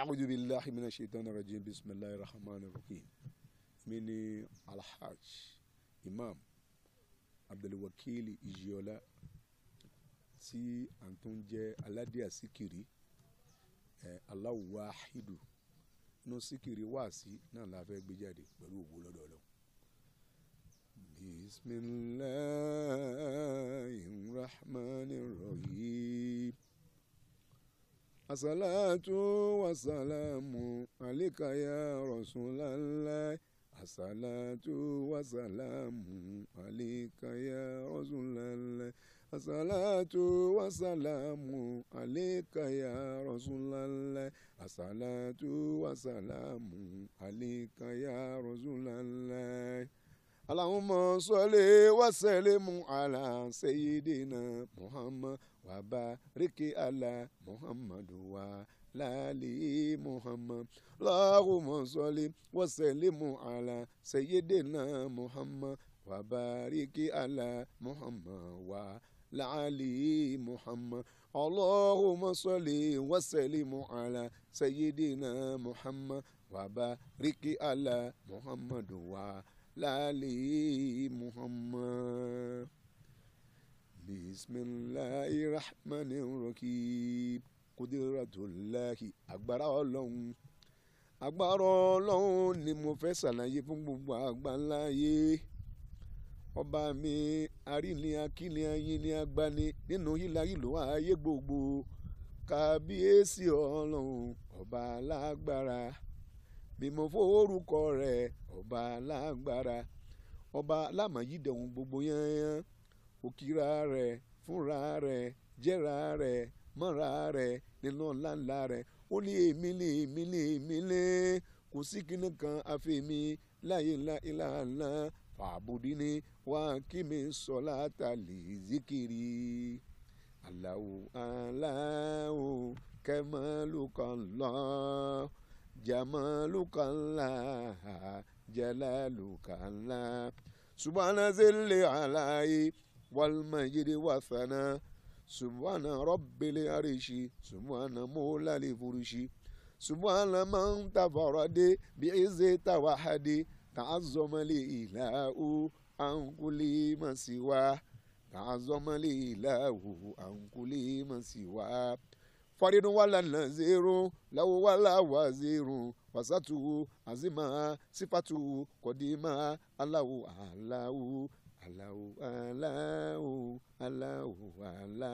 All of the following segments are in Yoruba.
a'udhu billahi minash shaitani rajim bismillahir rahmanir rahim mi ni alhaj imam abdulwakili ijiola tí à ń tún jẹ́ aládé àsíkiri ẹ̀ Allahu wahidu inú síkiri wáàsí náà la fẹ́ gbé jáde pẹ̀lú òwò lọ́dọọlọ́. bismillahir rahman. الصلاة والسلام عليك يا رسول الله الصلاة والسلام عليك يا رسول الله الصلاة والسلام عليك يا رسول الله الصلاة والسلام عليك يا رسول الله اللهم صل وسلم على سيدنا محمد وبارك على محمد وعلى ال محمد اللهم صل وسلم على سيدنا محمد وبارك على محمد وعلى ال محمد اللهم صل وسلم على سيدنا محمد وبارك على محمد وعلى لعلي محمد بسم الله الرحمن الرحيم قدرة الله agbára ọlọ́run agbára ọlọ́run ni mo fẹ́ ṣàlàyé fún gbogbo àgbáńláyé ọba mi aríni akíni ayíni agbani nínú hílàhílò ayé gbogbo kàbíyèsí ọlọ́run ọba alágbára mi mo forúkọ rẹ̀ ọba alágbára ọba alámọ̀yídẹ̀ ohun gbogbo yányán òkìra rẹ̀ fúnra rẹ̀ jẹ́ra rẹ̀ mọ́ra rẹ̀ nínú ńláńlá rẹ̀ ó ní èmi lé èmi lé èmi lé kò sí kinní kan àfẹ́mi láyé ńlá ìlànà fàbùdíní wá kí mi sọ látàlí zikiri aláwo aláwo kẹmẹ́lú kan جمالك الله جلالك الله سبحان ذي العلاء والمجد والثناء سبحان رب العرش سبحان مولى الفرش سبحان من تفرد بعزة وحدي تعظم الإله عن كل ما سواه تعظم الإله عن كل ما سواه faridun wala naziru lawo wala waziru wasatu azima sifatu kodima alahu alahu alahu alahu alahu ala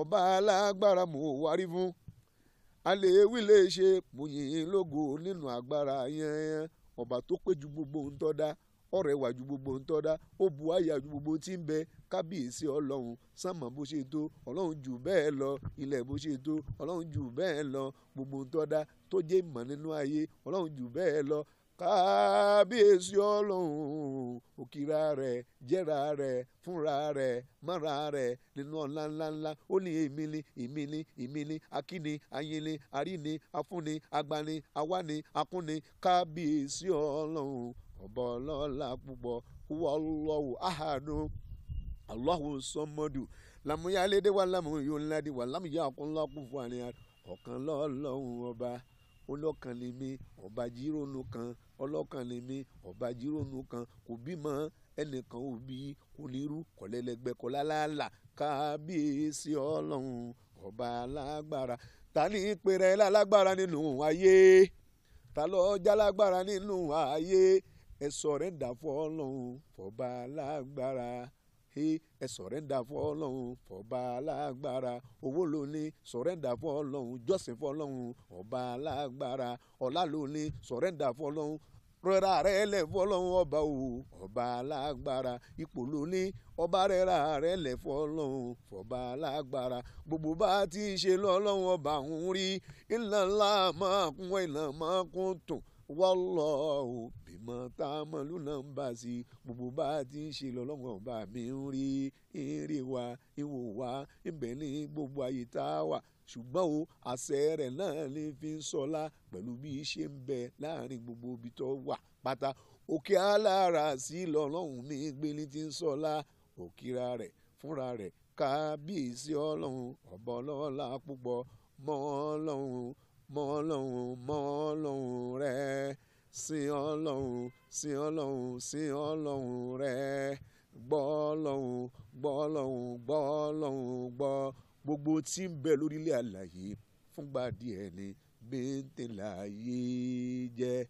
ọba alágbára mo wárí fún àlèéwí lè ṣe mo yìn ín lógo nínú agbára yẹn ọba tó pé ju gbogbo ń tọ́ da ọ̀rọ̀ ẹwà ju gbogbo ń tọ́ dá ó bu àyà ju gbogbo tí ń bẹ kábíyèsí ọlọ́run sánmọ̀ bó ṣe tó ọlọ́run jù bẹ́ẹ̀ lọ ilẹ̀ bó ṣe tó ọlọ́run jù bẹ́ẹ̀ lọ gbogbo ń tọ́ dá tó jẹ́ ìmọ̀ nínú ayé ọlọ́run jù bẹ́ẹ̀ lọ kábíyèsí ọlọ́run òkìra rẹ̀ jẹ́ra rẹ̀ fúnra rẹ̀ mọ́ra rẹ̀ nínú ọ̀la ńláńlá ó ní èmi ni èmi ni èmi ni akíni ayinni àríni afúnni agbani awáni akúnni kábíyèsí ọlọ́run ọbọlọla akpụkpọ huwallahu ahadu allahu sọmọdù lamuya alédèwà lamuyo ńládiwà lamuya akúnlá kúfọ àníyàn ọ̀kan lọ́lọ́run ọba ọlọ́kan lèmi ọba jironu kan ọlọ́kan lèmi ọba jironu kan kò bímọ ẹnìkan ò bí kò nírú kọ̀lẹ́lẹ́gbẹ́ kọ́lálàlà kábíyèsí ọlọ́run ọba alágbára ta ní ìpèrè lálágbára nínú ayé ta lọ́ọ́ nínú ayé. ẹ̀sọ̀ rẹ̀ dà fọ́ ọlọ́run fọba alágbára ẹ sọ̀rẹ́ǹdà fún ọlọ́run ọba alágbára owó ló ní sọ̀rẹ́ǹdà fún ọlọ́run jọ́sìn fún ọlọ́run ọba alágbára ọlá ló ní sọ̀rẹ́ǹdà fún ọlọ́run rẹra rẹ lẹ̀ fún ọlọ́run ọba o ọba alágbára ipò ló ní ọba rẹra rẹ lẹ̀ fún ọlọ́run ọba alágbára gbogbo bá a ti ṣe lọ́lọ́run ọba òun rí ìlànà máa kún ìlànà máa kún tún wallahu bima ta'maluna ń bá sí gbogbo bá ti ń ṣe lọ́lọ́wọ́n bá mi ń rí ìrìn wa ìwò wa ìbẹ̀ ní gbogbo ayé tá a wà ṣùgbọ́n o àṣẹ rẹ̀ náà lè fi ń sọlá pẹ̀lú bí í ṣe ń bẹ láàrin gbogbo ibi tó wà pátá òkè alára sí lọ́lọ́run mi gbélé ti ń sọlá òkìra rẹ̀ fúnra rẹ̀ kábíyèsí ọlọ́run ọ̀bọ púpọ̀ ọlọ́run sí ọlọ́run sí ọlọ́run rẹ gbọ́ ọlọ́run gbọ́ ọlọ́run gbọ́ ọlọ́run gbọ́ gbogbo tí ń bẹ lórílẹ̀ àlàyé fúngbà díẹ̀ ni bíntìláyé jẹ́.